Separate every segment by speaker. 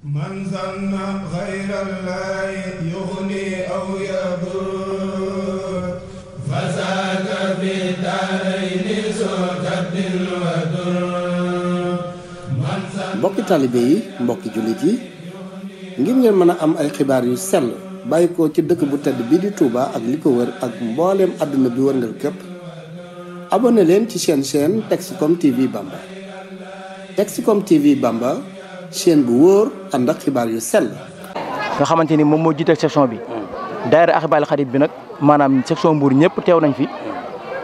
Speaker 1: من
Speaker 2: ظن غير الله يغني أو يضر
Speaker 3: mbokki taalibe yi mbokki jullit yi ngir ngeen mën a am ay xibaar yu sell bàyyi ko ci dëkk bu tedd bi di Touba ak li ko wër ak mbooleem àdduna bi wërngal képp abonné leen ci seen chaîne Texcom TV Bamba Texcom TV Bamba chaîne bu
Speaker 4: wóor ànd ak xibaar yu sell. nga xamante ni moom moo jiite section bi. daayira Ahibaahil Khadim bi nag maanaam section Mbour ñëpp teew nañ fi.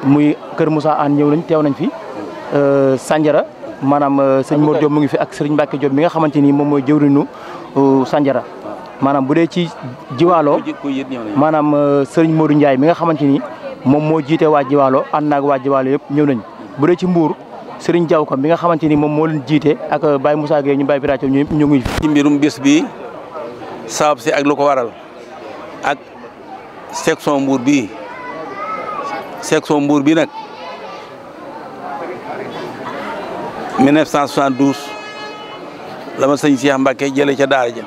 Speaker 4: muy Kër Moussa Anne ñëw nañ teew nañ fi. Euh, Sandiara maanaam euh, sëñ Mor Diop mu ngi fi ak sëriñ Mbacke Diop mi nga xamante ni moom mooy jëwriñu euh, Sandiara. maanaam bu dee ci jiwaaloo maanaam sëriñ Modou Ndiaye mi nga xamante ni moom moo jiite waa jiwaalo ànd naag waa jiwaaloo yëpp ñëw nañ bu dee ci Mbour. Serigne Diaw kam bi nga xamante ni moom moo jiite ak Baye Moussa Gueye ñu bay Bira Thiaw ñu ñu ngi fi.
Speaker 5: ci mbirum bis bi saab si ak lu ko waral ak section Mbour bii section Mbour bi nag 1972 la ma sëñ Cheikh Mbacke jële ca daara ja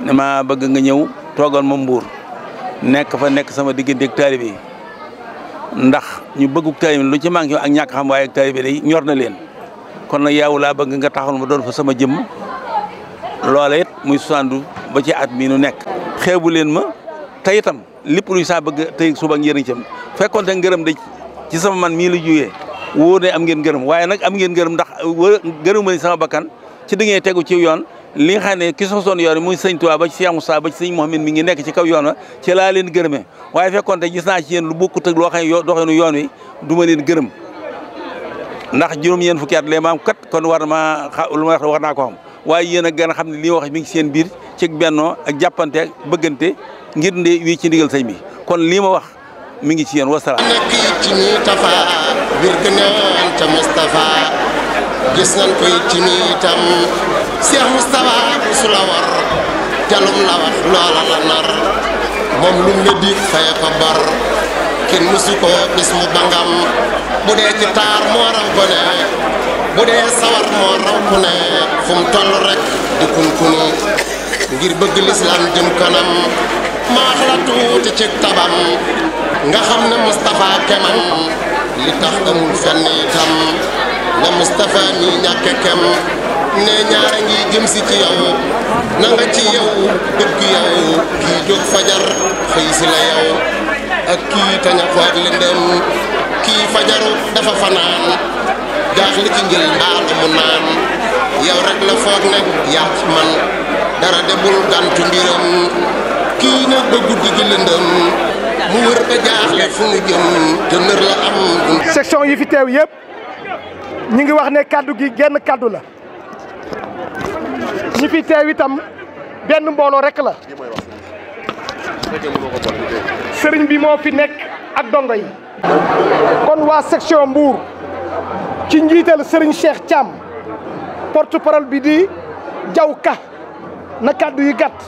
Speaker 5: ne ma bëgg nga ñëw toogal ma Mbour nekk fa nekk sama digganteeg taalibe bi ndax ñu bëgguk taalibe lu ci manqué ak ñàkk xam waaye ak taalibe day ñor na leen kon nag yaaw laa bëgg nga taxaw ma doon fa sama jëm loola it muy soixante ba ci at mii nu nekk xeebu leen ma te itam lépp luy saa bëgg tey suba ak yéen cam fekkoon te ngërëm de ci sama man mii la jugee wóor ne am ngeen ngërëm waaye nag am ngeen ngërëm ndax gërëma sama bakkan ci da tegu ci yoon lii xane xam ne ki sosoon yoon muy sëñ Tuubaa ba ci Cheikh Moussa ba ci sëñ Mouhamed mi ngi nekk ci kaw yoon wa ci laa leen gërëme waaye fekkoon te gis naa ci yéen lu bokkut ak loo xam ne doxinu yoon wi du ma leen gërëm ndax juróom yéen fukki at lee maam kat kon war ma lu ma wax naa ko xam waaye yéen a gën a xam ne lii wax mi ngi seen biir ci bennoo ak jàppante bëggante ngir nde wii ci ndigal sëñ bi kon lii ma wax mi ngi ci yéen wasalaam
Speaker 6: Cheikh Moustapha musu la war jalum la wax loola la nar moom lu mu la ko bor kenn musu ko gis mu bangam bu dee ci taar moo raw ko ne bu dee sawar moo raw ku ne fu mu toll di kunkunu ngir bëgg lislaam jëm kanam maax la tuuti ci tabam nga xam ne Moustapha kemam li tax amul fenn itam la Moustapha mi ñàkke kem ñu ne ñaara ngi jëm si ci yow na ci yow dëgg yow kii jóg fajar xëy si la yow ak kii tañako lëndëm kii fajaru dafa fanaan jaaxle ci njël mbaalu mu naan yow rek la foog ne yaa ci man dara demul gantu mbiram kii nag ba guddi gi lëndëm mu wër ba jaaxle fu mu jëm te
Speaker 3: la am. section yi fi teew yëpp ñu ngi wax ne kàddu gi genn kàddu la. ñi fi teew itam benn mbooloo rek la sëriñ bi moo fi nekk ak dongo yi kon waa section Mbour ci njiital sëriñ Cheikh Thiam porte parole bi di jaw Ka na kàddu yi gàtt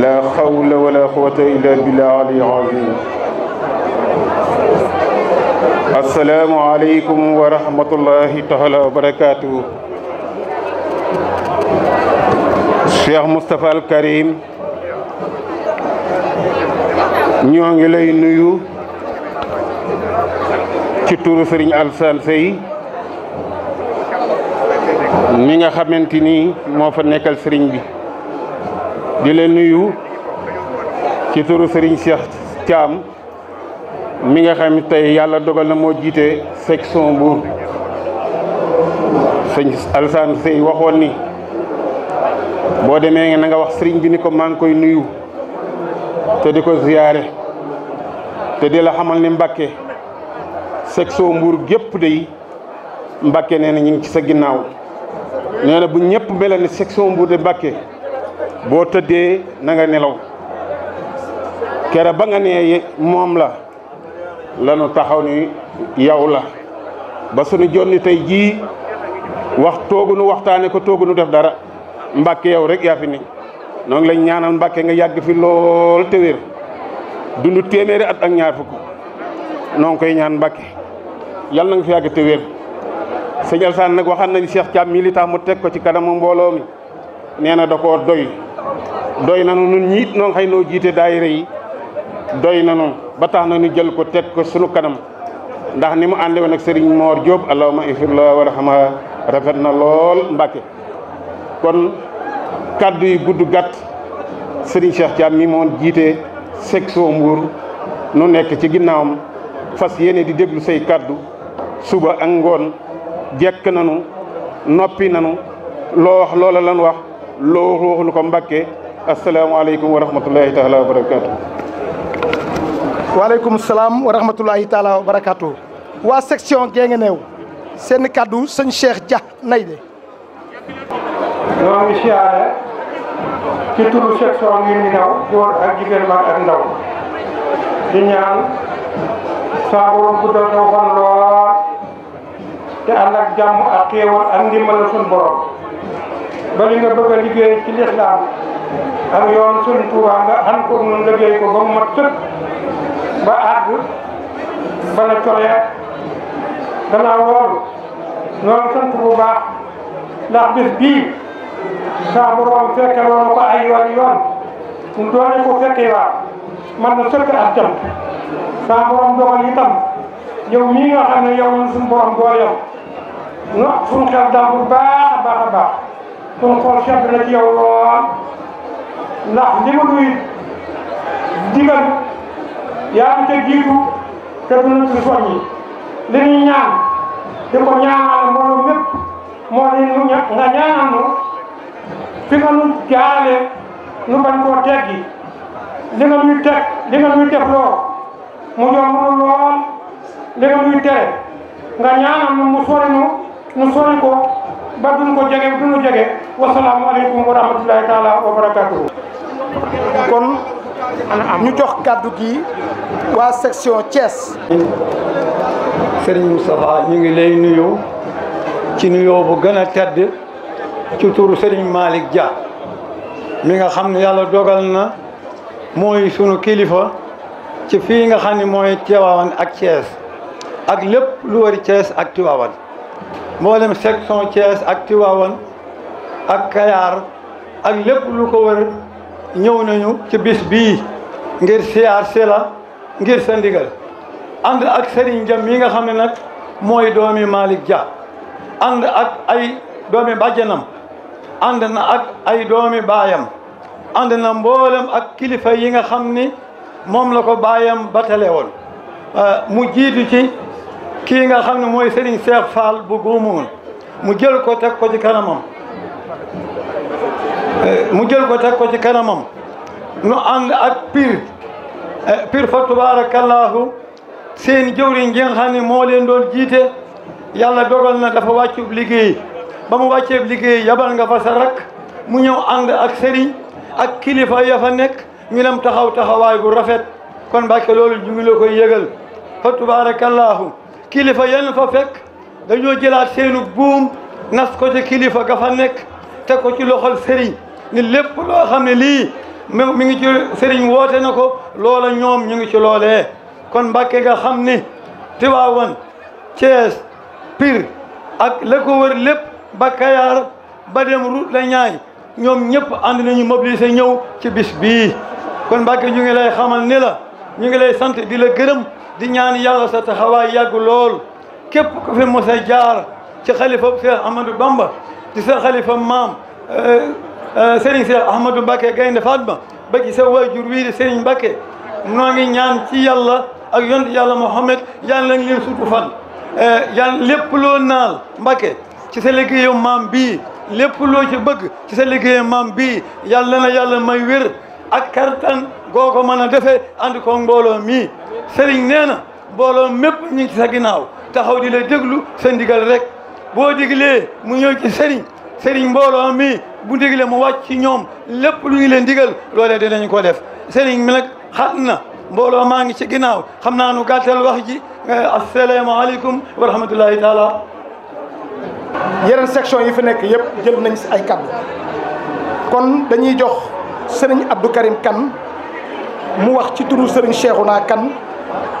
Speaker 1: la hawla wala quwwata illa billah ali azim asalaamualeykum wa rahmatullahi taala wa barakaatu. Cheikh Moustapha Al Karim ñoo ngi lay nuyu ci turu Serigne Alassane Seye mi nga xamante ni moo fa nekkal Serigne bi di la nuyu ci turu Serigne Cheikh Thiam. mi nga xam tey yàlla dogal na moo jiite section Mbour sëñ waxoon ni boo demee na nga wax sëriñ bi ni ko maa ngi koy nuyu te di ko ziyaare te di la xamal ni Mbàkke section Mbour gépp day Mbàkke nee na ñu ngi ci sa ginnaaw nee bu ñëpp mel section Mbour de Mbàkke boo tëddee nanga nelaw kere ba nga nee moom la lanu taxaw ni yaw la ba sunu jonni tay ji wax nu waxtane ko nu def dara mbacke yow rek ya fi ni noo lañ ñaanal mbacke nga yàgg fi lol te wér dundu téeméeri at ak ñaar fuk noo koy ñaan mbacke yal na nga fi yàgg te wér señal san nak waxan nañ Cheikh cham mii mu tek ko ci kanam mbolo mi neena da ko doy doy nañu nun ñit noo ngi xëy daayira yi doy nanu ba tax na ñu jël ko tek ko suñu kanam ndax ni mu ànde woon ak job, allahumma Diop allahuma ifirla warxama rafet na lool kon kaddu yi gudd gat serigne Cheikh Thiam mi moon jité section Mbour nu nekk ci ginnawam fas yene di déglu say kaddu suba ak ngoon jek nanu nopi nañu lo wax loh lan wax lo wax lu ko assalamu alaykum wa rahmatullahi taala wa barakatuh waaleykum salaam wa rahmatullahi
Speaker 3: taala wa barakaatu waa section Guinguinéo seen kaddu sen Cheikh Dia Naydé
Speaker 2: ñoo ngi siyaare ci turu section naw góor ak jigen mag ak ndaw di ñaan sa saaborom guddal taw fan lo te alak ak ak xéewal ak ndimbal sun borom ba li nga bëgg a liggéey ci l'islam ak yoon sun touba nga han ko mu liggéey ko ba mu mat tepp ba àgg bala coleet danaa woolu noonu sant bu baax ndax bis bii saa borom fekke loolu ko ay yoon yoon mu doone ko fekkee waa man na sëkk ak jëm saa borom dogal itam yow mii nga xam yow na borom yow no xel bu baax baax baax na ci yow lool ndax duy digal yaa ngi te jiitu te dinañ ci soññi li ñuy ñaan di ko ñaanal mbooloo mépp moo di ñu ña nga ñaanal ñu fi nga nu jaarale nu bañ koo teggi li nga ñuy teg li nga ñuy def loo mu yomb nu lool li nga ñuy tere nga ñaanal mu sori nu nu sori ko ba duñ ko jege duñu jege wasalaamu aleykum wa rahmatullahi taala wa barakatuhu
Speaker 3: kon ñu jox kàddu gi waa section Thiès.
Speaker 7: Serigne Moustapha ñu ngi lay nuyu ci nuyoo bu gana a tedd ci turu Serigne Malick Dia mi nga xam ne yàlla dogal na mooy sunu kilifa ci fii nga xam ni mooy Tivaouane ak Thiès ak lépp lu wari Thiès ak Tivaouane mboolem section Thiès ak Tivaouane ak Kayar ak lépp lu ko wër. ñëw nañu ci bis bii ngir siyaar si ngir sa ndigal ànd ak Serigne Dia yi nga xam ne nag mooy doomi Malick Dia ànd ak ay doomi bàjjanam ànd na ak ay doomi baayam ànd na mboolem ak kilifa yi nga xam ni moom la ko baayam batale woon euh, mu jiitu ci kii nga xam ne mooy Serigne Cheikh Fall bu guumuun mu jël ko teg ko ci kanamam Eh, mu jël ko teg ko ci kanamam nu ànd ak pir eh, pir fa tubaarakallaahu seen jëwriñ ji nga xam ne moo leen doon jiite yàlla dogal na dafa wàccub liggéey ba mu wàccee liggéey yabal nga fa sa mu ñëw ànd ak sëriñ ak kilifa yafa nekk ñu dem taxaw taxawaay bu rafet kon Mbàkke loolu ñu ngi la yëgal fa tubaarakallaahu kilifa yenn fa fekk dañoo jëlaat seenu buum nas ko ci kilifa gafa nekk teg ko ci loxol sëriñ ni lépp loo xam ne lii mi ngi ci sëriñ woote na ko loola ñoom ñu ngi ci loolee kon mbake nga xam ni Tiwaawan Cees Pire ak la ko wër lépp ba Kayaar ba dem route la ñaay ñoom ñëpp ànd nañu mobilisé ñëw ci bis bii kon Mbàkke ñu ngi lay xamal ni la ñu ngi lay sant di la gërëm di ñaan yàlla sa taxawaay yàgg lool képp ko fi mos a jaar ci xalifa Cheikh Amadou Bamba ci sa xalifa maam euh, Ee, sëriñ si Ahmadou Mbacké Gaynde Fatma ba ci sa waajur wii di sëriñ Mbacké noo ngi ñaan ci yàlla ak yonent yàlla Muhammad yal nañ leen sutu fan ee, yal lépp loo naal Mbacké ci sa liggéeyu maam bii lépp loo ci bëgg ci sa liggéeyu maam bii yàlla na yàlla may wér ak kartan goo ko mën a ko mbooloo mii sëriñ nee na mbooloo mépp ci sa ginnaaw taxaw di la déglu sa ndigal rek boo diglee mu ñëw ci sëriñ sëriñ mbooloo mi bu ndigle mu wàcc ci ñoom lépp luy leen digal loolee dinañ ko def sëriñ mi nag na mbooloo maa ngi ci ginnaaw xam naa nu gàttal wax ji eh, asalaamaaleykum wa rahmatullahi taala yeneen section
Speaker 3: yi fi nekk yëpp jël nañ si ay kàddu kon dañuy jox sëriñ Abdou kan mu wax ci turu sëriñ naa kan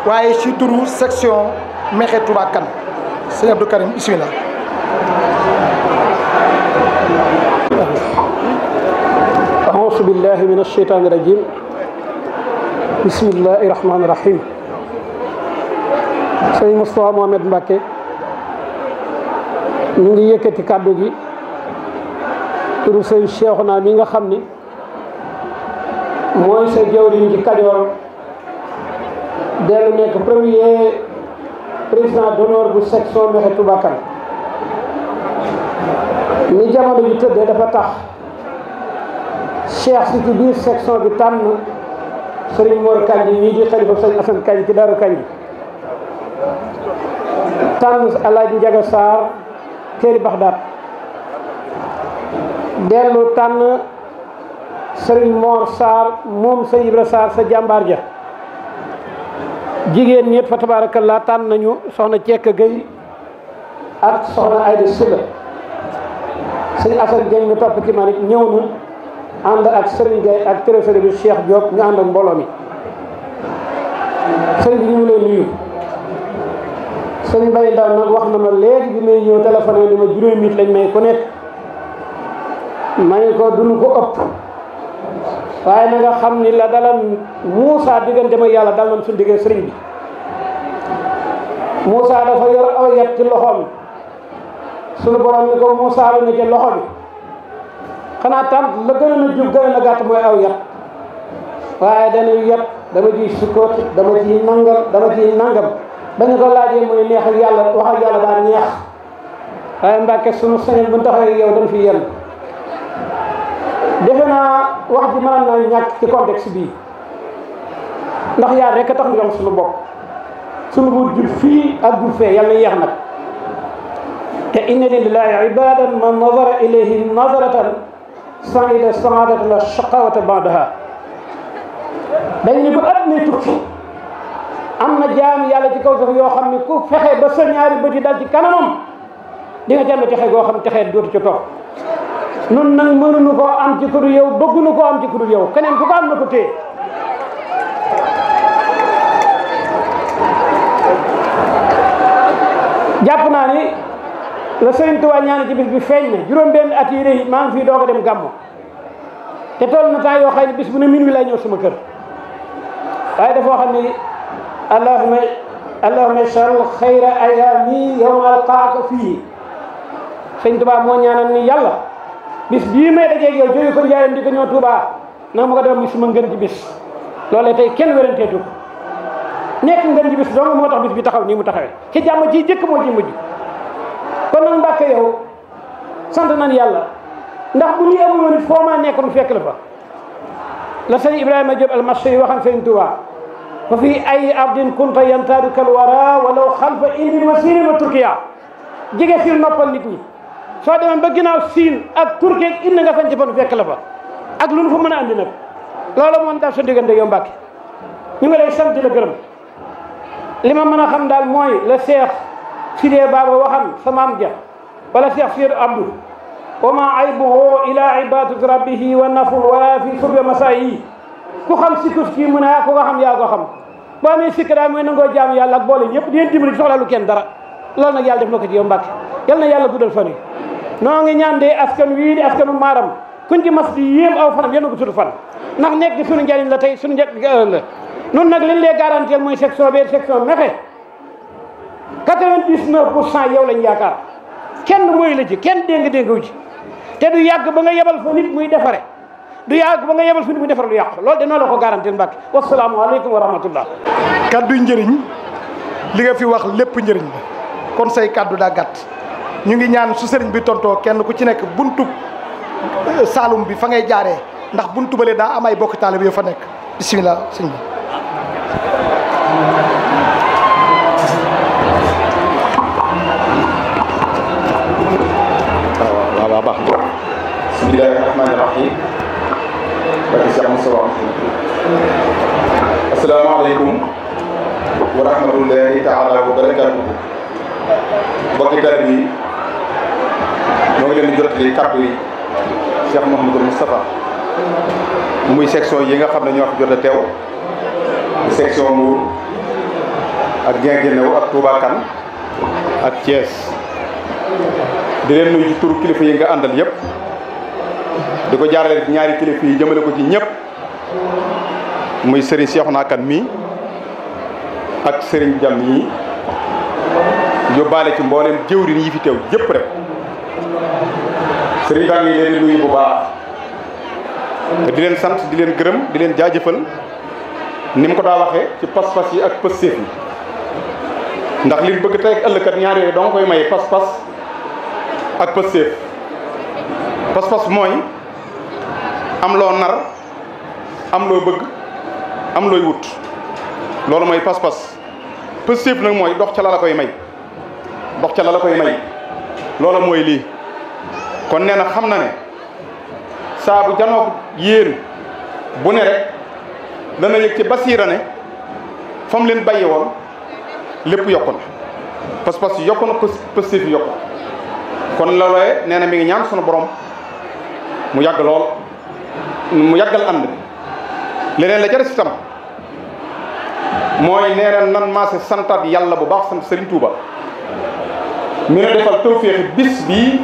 Speaker 3: waaye ci turu section Mekhe Touba Kane sëriñ Abdou Karim
Speaker 8: أعوذ بالله من الشيطان الرجيم بسم الله الرحمن الرحيم sëñ Moustapha Mohamed Mbacké ñu ngi yëkkati kàddu gi turu sëñ Cheikhouna mi nga xam ni mooy sa jawriñ ci Kajoor dellu nekk premier président d'honneur bu section Mekhe Touba Kane ni jamono ji tëddee dafa tax cheikh si ci biir section bi tànn sëriñ Mor Kanji ñii di xalifa sëriñ Asan Kanji ci Daaru Kanji tànn Alaaji Njaga Saar Kéeri Baxdaat dellu tànn sëriñ Mor Saar moom sa Ibra Saar sa jàmbaar ja jigéen ñëpp fa tabaarakallaa tànn nañu soxna a Gay ak soxna Ayda Silla sëñ Asan Jeng mi topp ci ñëw na ànd ak Serigne Gueye ak trésorier bi Cheikh Diop ñu ànd ak mbooloo mi sëriñ bi ñu ngi leen nuyu sëriñ Mbaye Ndao nag wax na ma léegi bi may ñëw téléphone ni ma juróomi nit lañ may ku nekk may ko duñu ko ëpp waaye na nga xam ni la dalan Moussa diggante ma yàlla dal nañ suñu diggee bi Moussa dafa yor aw yat ci loxoom suñu borom ni ko Moussa lu ne ci loxo mi xanaa tam la gën a jub gën a gàtt mooy aw yat waaye dañuy yat dama ciy sukkooti dama ciy nangam dama ciy nangam bañu ko laajee muy neex ak yàlla wax ak yàlla daa neex waaye mbàkke sunu sañoon bu taxawee yow dañ fi yem defe naa wax ji mënoon naa ñàkk ci contexte bii ndax yaar rek a tax ñu am suñu bopp suñu buur jub fii ak jub fee yàlla yeex nag te inna lillahi ibadan man nazara ilayhim nazaratan سعيد السعادة لا شقاوة بعدها بيني بأدني تكي أما جام يالتي كوزر يوخم يكو فخي بسن ياري بجي داتي كننم دينا جام تخي غوخم تخي دور جتو نن نن من نكو أم تكر يو بغ نكو أم تكر يو كنين كو كان نكو تي جابناني la sëriñ Tuubaa ñaan ci bis bi feeñ na juróom benn at yi de ma ngi fii doog dem gàmmu te tol na temps yo xëy bis bu ne min wi lay ñew suma kër waaye dafa xamni allahumma allahumma allahuma khayra ayami yawma alqaaka fi sëriñ Tuubaa mo ñaanal ni yalla bis bi may dajé ak yow jëri ko njaayam diko ñoo ñëw na mu ko dem suma ngeen ci bis lolé tay kenn wéranteetu ko nek ngeen ci bis dong mo tax bis bi taxaw ni mu taxawé ci jamm ji jëk mo ci mujj kon nag mbàkke yow sant nañ yàlla ndax bu lii amul woon it foo maa nekkoon fekk la fa la sëñ ibrahima Diop almashe yi waxan sëñ Tuubaa fa fii ay ardin kunta yantaadu kal wara walaw xalfa indin wa siinin turkiya jege sil noppal nit ñi soo demoon ba ginnaaw siin ak turki ak indi nga sañ fan fekk la fa ak lu nu fa mën a andi nag loolu moom daf sa diggante yow ñu ngi lay sant la ma xam daal siree baaba waxan sa maam ja wala Cheikh Sir Abdou wa ma aybuhu ila ibadati rabbihi wa naful wala fi surbe masaayi ku xam sikkus kii mu ne ah ku ko xam yaa ko xam boo amee sikk daa mooy nangoo jaam yàlla ak boole ñëpp di leen dimbali soxla lu kenn dara loolu nag yàlla def na ko ci yow Mbàkke yal na yàlla guddal fan yi noo ngi ñaan de askan wii di askanu maaram kuñ ci mas di yéem aw fanam yéen a ko tudd fan ndax nekk di suñu njëriñ la tey suñu euh, la nun nag mooy section bee section quatre-vingt-dix-neuf pour cent yow lañ yaakaar kenn mooy la ci kenn déng-déngawu ci te du yàgg ba nga yebal fa nit muy defare du yàgg ba nga yebal fa nit muy defare lu yàqu loolu danaa la ko garantil Mbàkke wasalaamaaleykum wa rahmatullah kaddu njëriñ li nga
Speaker 3: fi wax lépp njëriñ la kon say kaddu daa gàtt ñu ngi ñaan su sëriñ bi tontoo kenn ku ci nekk buntu euh, Saalum bi fa ngay jaaree ndax buntu ba balee daa am ay bokk taalibe yoo fa nekk bisimilah sëñ bi
Speaker 9: Bismillahirrahmanirrahim bagi Cheikh Moustapha asalaamaaleykum wa taala wa barakatuh mbokki dal bi moo ngi leen yi Cheikh Mouhamadou Moustapha muy section yi nga xam ñoo jot a section Mbour ak Guinguinéo ak Touba Kane ak Thiès di leen nuyu turu kilifa yi nga di ko jaarale ñaari kilifa yi jëmale ko ci ñëpp muy Serigne Cheikhouna Kane mii ak Serigne Jam yi yóbbaale ci mboolem jëwriñ yi fi teew yëpp rek Serigne Ba ngi leen di nuyu bu baax te di leen sant di leen gërëm di leen jaajëfal ni mu ko daa waxee ci pas-pas yi ak pëstéef yi ndax li bëgg tey ak ëllëg kat ñaar yooyu doo nga koy maye pas-pas ak pëstéef pas-pas mooy. am loo nar am loo bëgg am looy wut loolu mooy pas-pas positif nag mooy dox ca lala koy may dox ca la la koy may loola mooy lii kon nee na xam na ne saabu bu janoog bu ne rek dana yëg ci basiira ne fa leen bàyyi woon lépp yokku na pas-pas yokku na positif yi yokku kon loolee nee na mi ngi ñaan sunu borom mu yàgg lool mu yàggal am bi leneen la ca des mooy nee na nan maase santaat yàlla bu baax sant Serigne Touba mi nu defal tawféexi bis bii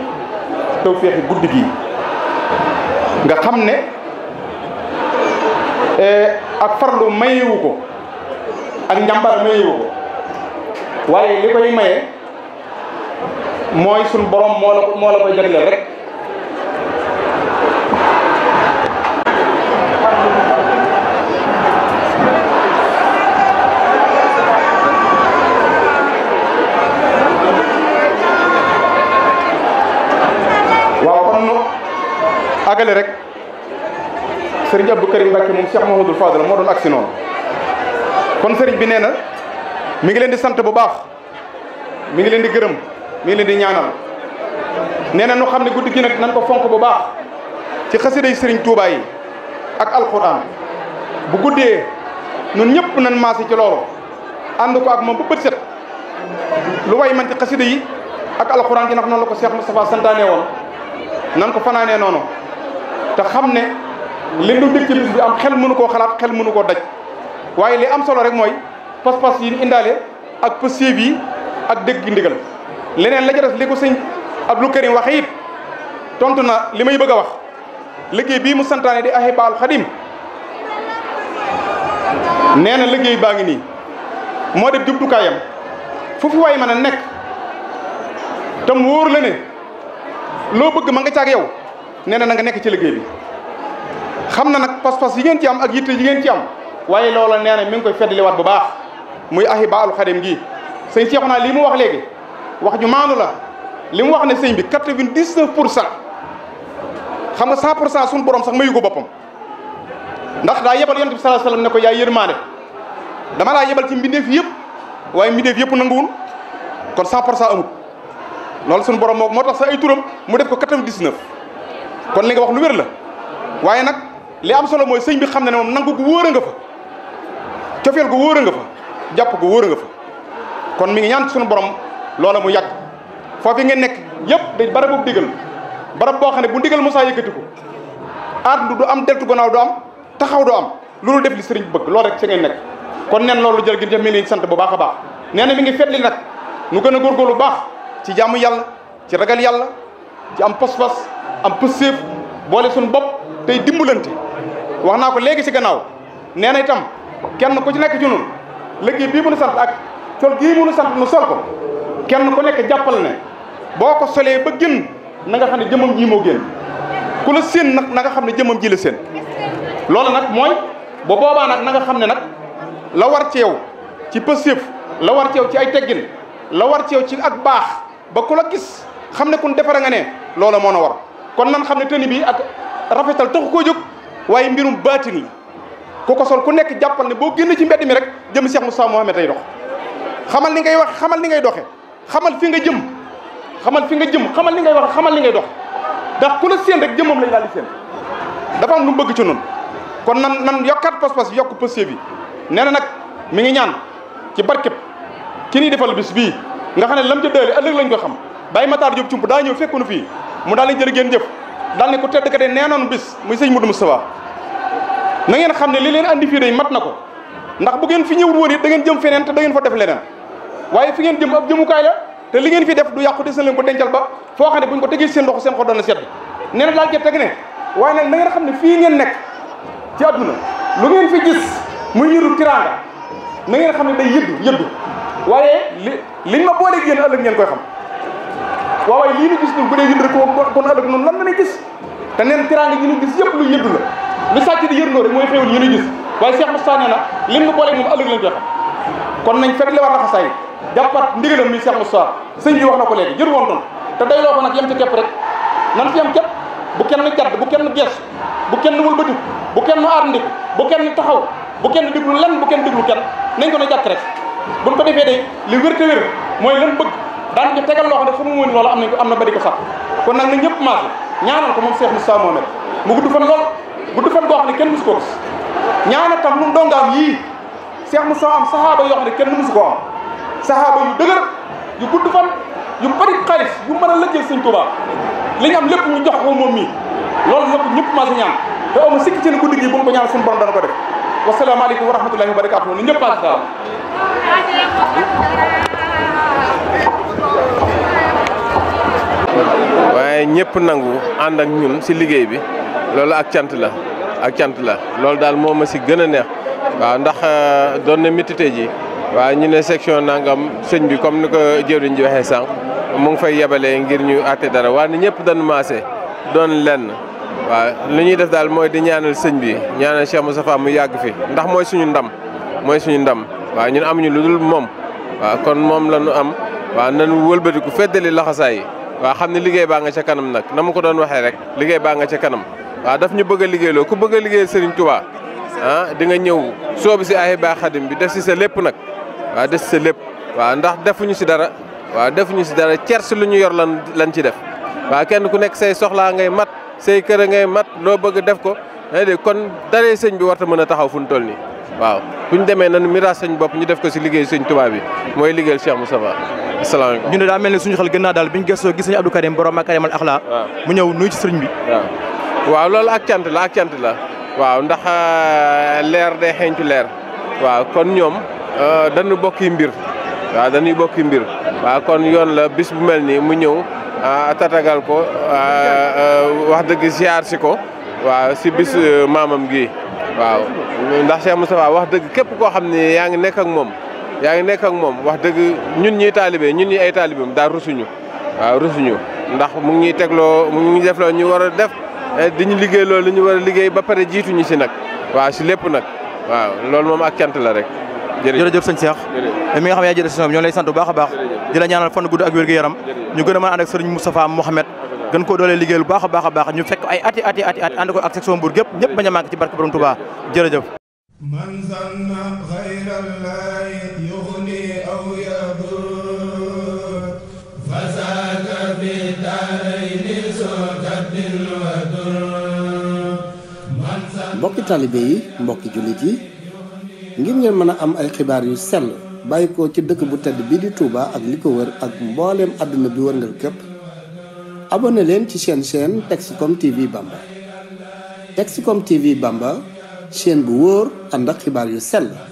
Speaker 9: tawféexi guddi gii nga xam ne eh, ak farlu mayewu ko ak njàmbar mayewu ko waaye li koy maye mooy suñ borom moo la la koy jagleel rek àggale rek sëriñ Abdou Karim Mbacke moom Cheikh Mahamadou Fadal moo doon agsi noonu kon sëriñ bi nee na mi ngi leen di sant bu baax mi ngi leen di gërëm mi ngi leen di ñaanal nee na nu xam ne guddi gi nag nan ko fonk bu baax ci xasida yi sëriñ Touba yi ak alxuraan bu guddee nun ñëpp nan maasi ci loolu ànd ko ak moom ba set lu way man ci xasida yi ak alxuraan gi nag noonu la ko Cheikh Moustapha santaane woon nan ko fanaanee noonu te xam ne li du dikk bis am xel mënu koo xalaat xel mënu koo daj waaye li am solo rek mooy pas-pas yi ñu indaale ak pësiv yi ak dégg ndigal leneen la ca des li ko sëñ Abdou Karim waxe it tontu na li may bëgg a wax liggéey bii mu santaane di ahibal xadim nee na liggéey baa ngi nii moo def jubtukaayam fu fu waay mën a nekk tam wóor la loo bëgg ma nga caag nee na nga nekk ci liggéey bi xam na nag pas-pas yi ngeen ci am ak yitte yi ngeen ci am waaye loola nee na mi ngi koy feddaliwaat bu baax muy Ahibahil Khadim gi sëñ Cheikh naa lii mu wax léegi wax ju maanu la li mu wax ne sëñ bi quatre-vingt-dix-neuf pour cent xam nga cent pour cent suñu borom sax mayu ko boppam ndax daa yebal yonent bi sallallahu alayhi ne ko yaay yërmaande dama laa yebal ci mbindeef yëpp waaye mbindeef yëpp nanguwul kon cent pour cent amut loolu suñu borom moo tax sa ay turam mu def ko quatre vingt kon li nga wax lu wér la waaye nag li am solo mooy sëñ bi xam ne ne moom nangu gu wóor fa cofeel gu wóor a nga fa jàpp gu wóor nga fa kon mi ngi ñaan suñu borom loola mu yàgg foofu ngeen nekk yëpp day barabu digal barab boo xam ne bu ndigal mosaa yëkkati ko aat du am deltu gannaaw du am taxaw du am loolu def li sëriñ bëgg loolu rek ci ngeen nekk kon nen loolu jël gin jëf mi ngi sant bu baax a baax nee na mi ngi fetli nag nu gën a góorgóorlu baax ci jaamu yàlla ci ragal yàlla ci am pas am pësséef boole suñu bopp tey dimbalante wax naa ko léegi ci gannaaw nee na itam kenn ku ci nekk ci ñun liggéey bii mënu sant ak sol gii mënu sant nu sol ko kenn ku nekk jàppal ne boo ko solee ba génn na nga xam ne jëmam ji moo génn ku la séen nag na xam ne jëmam ji la séen loolu nag mooy boo boobaa nag na nga xam ne nag la war ci yow ci pësséef la war ci yow ci ay teggin la war ci yow ci ak baax ba ku la gis xam ne kun defara nga ne loola moo na war kon nan xamne ne bi ak rafetal tax ko juk waaye mbirum batini ko ko sol ku nek jappal ni bo genn ci mbeddi mi rek jëm Cheikh moussa mohammed tay dox xamal ni ngay wax xamal ni ngay doxé xamal fi nga jëm xamal fi nga jëm xamal ni ngay wax xamal ni ngay dox ndax ku la seen rek jëmmam lañ la di seen dafa am lu mu bëgg ci noonu kon nan nan yokkat pas-pas yokk passé bi néna nak mi ngi ñaan ci barkeb ki ni defal bis bi nga xam lam ci dële ëlëk lañ ko xam bay mataar Jóob cump daa da ñew fekkunu fi mu dal di jeul gene jëf dal ni ko tedd ka de nee bis muy seigne mudou mustafa na ngeen xamne ne li leen andi fi day mat nako ndax bu gene fi ñëwul woon it da ngeen jëm feneen te da ngeen fa def leneen waye fi ngeen jëm ab kay la te li ngeen fi def du yaqku des na leen ko dencal ba fo xane buñ ko tegee seen ndox seen xodona dana sedd nee na daal ca ne waaye nag na ngeen xamne fi ngeen nek ci aduna lu ngeen fi gis muy niru tiranga na ngeen xamne ne day yëddu yëddu waye liñ ma boole gene ëlëk ngeen koy xam waaw waaye lii nu gis ñun bu dee yënd rek kon ëllëg noonu lan la ñuy gis te neen tiraanga yi gis yëpp lu yëddu la lu sàcc di yëndoo rek mooy xéewal yi ñu gis waaye Cheikh Moustapha nee na lim nu boole moom ëllëg lañ koy xam kon nañ fekk li war raxasaay jàppat ndigalam mi Cheikh Moustapha sëñ bi wax na ko léegi jër woon doon te day loo ko nag yem ci képp rek nan fi yem képp bu kenn jadd bu kenn gees bu kenn wëlbati bu kenn aar ndik bu kenn taxaw bu kenn déglu lan bu kenn déglu kenn nañ ko na jàkk rek buñ ko defee day li wér te mooy lan bëgg daan ko tegal loo xam ne fu mu wën loolu am nañ ko am na ba ko sax kon nag na ñëpp maas ñaanal ko moom Cheikh Moustapha Mohamed mu gudd fan lool gudd fan boo xam ne kenn musu ko gis ñaanal tam lu ndongaam yii Cheikh Moustapha am sahaaba yoo xam ne kenn musu ko am sahaaba yu dëgër yu gudd fan yu bari xaalis yu mën a lëggee sëñ Tuubaa li ñu am lépp ñu jox ko moom mii loolu nag ñëpp maas ñaan te amu sikki ci ne guddi gi bu ko ñaan suñu borom dana ko def wasalaamaaleykum wa rahmatullahi wa barakatuh ñëpp maas
Speaker 10: waaye ñëpp nangu ànd ak ñun si liggéey bi loolu ak cant la ak cant la loolu daal moo ma si gën a neex waaw ndax euh, doon na métite ji waa ñu ne section nangam sëñ bi comme ni ko jëriñ ji waxee sànq mu ngi fay yebalee ngir ñu àtte dara waaye ñëpp dañu maase doon lenn waa li ñuy def daal mooy di ñaanal sëñ bi ñaanal Cheikh Moustapha mu yàgg fi ndax mooy suñu ndam mooy suñu ndam waaw ñun amuñu lu dul moom waaw kon moom la ñu am waaw nañu wëlbatiku feddali laxasaay yi waa xam ne liggéey baa nga ca kanam nag na mu ko doon waxee rek liggéey baa nga ca kanam waaw daf ñu bëgg a liggéeyloo ku bëgg a liggéey Serigne Touba ah di nga ñëw soobu si Ahiba Khadim bi def si sa lépp nag waaw def si sa lépp waaw ndax defuñu si dara waaw defuñu si dara cer cersi lu ñu yor lan lan ci def waaw kenn ku nekk say soxlaa ngay mat say kër ngay mat loo bëgg def ko de kon daree sëñ bi war mën a taxaw fu ñu toll nii waaw bu ñu demee nan miraas sañ bopp ñu def ko si liggéey sëñ Tuubaa bi mooy liggéeyal Cheikh Moustapha asalaamaaleykum ñu daa mel ne suñu xel gën daal bi ñu gëstoo gis nañu Abdou a borom Makarim al Axlaa mu ñëw nuyu ci sëriñ bi waaw waaw ak cant la ak cant la waaw ndax euh, leer day xeeñcu leer waaw kon ñoom euh, dañu bokki mbir waaw dañuy bokki mbir waaw kon yoon la bis bu mel nii mu ñëw euh, tatagal ko wax dëgg ziar si ko waaw si bis maamam gi waaw ndax Cheikh Moustapha wax dëgg képp koo xam ne yaa ngi nekk ak moom yaa ngi nekk ak moom wax dëgg ñun ñuy taalibe ñun ñi ay taalibeem daal rusuñu waaw rusuñu ndax mu ngi ñuy tegloo mu ngi def loo ñu war a def eh, di ñu liggéey loolu li ñu war a liggéey ba pare jiituñu si nag waaw si lépp nag waaw loolu moom ak cant la rek jërëjëf sëñ Cheikh eh, mi nga xam ne yaa ñoo lay sant bu baax a ñaanal fan gudd ak wér-gu-yaram ñu gën a
Speaker 4: mën a ànd ak sëriñ Moustapha gën ko doolee liggéey lu baaxa baaxa baax ñu fekk ay ati ati ati ati and ko ak section Mbour gep ñep baña mag ci barke borom Touba jërëjëf
Speaker 1: man zanna ghayra llahi
Speaker 2: yughni aw yadur fa zaka bi darayni sotatin wa dur
Speaker 3: mbokki talibé yi mbokki julit yi ngir ngeen mëna am ay xibaar yu sel bayiko ci dëkk bu tedd bi di Touba ak liko wër ak mbollem aduna bi wërngal kep abonné leen ci seen chaîne
Speaker 4: Texcom TV Bamba Texcom TV Bamba chaîne bu wóor ànd ak xibaar yu sell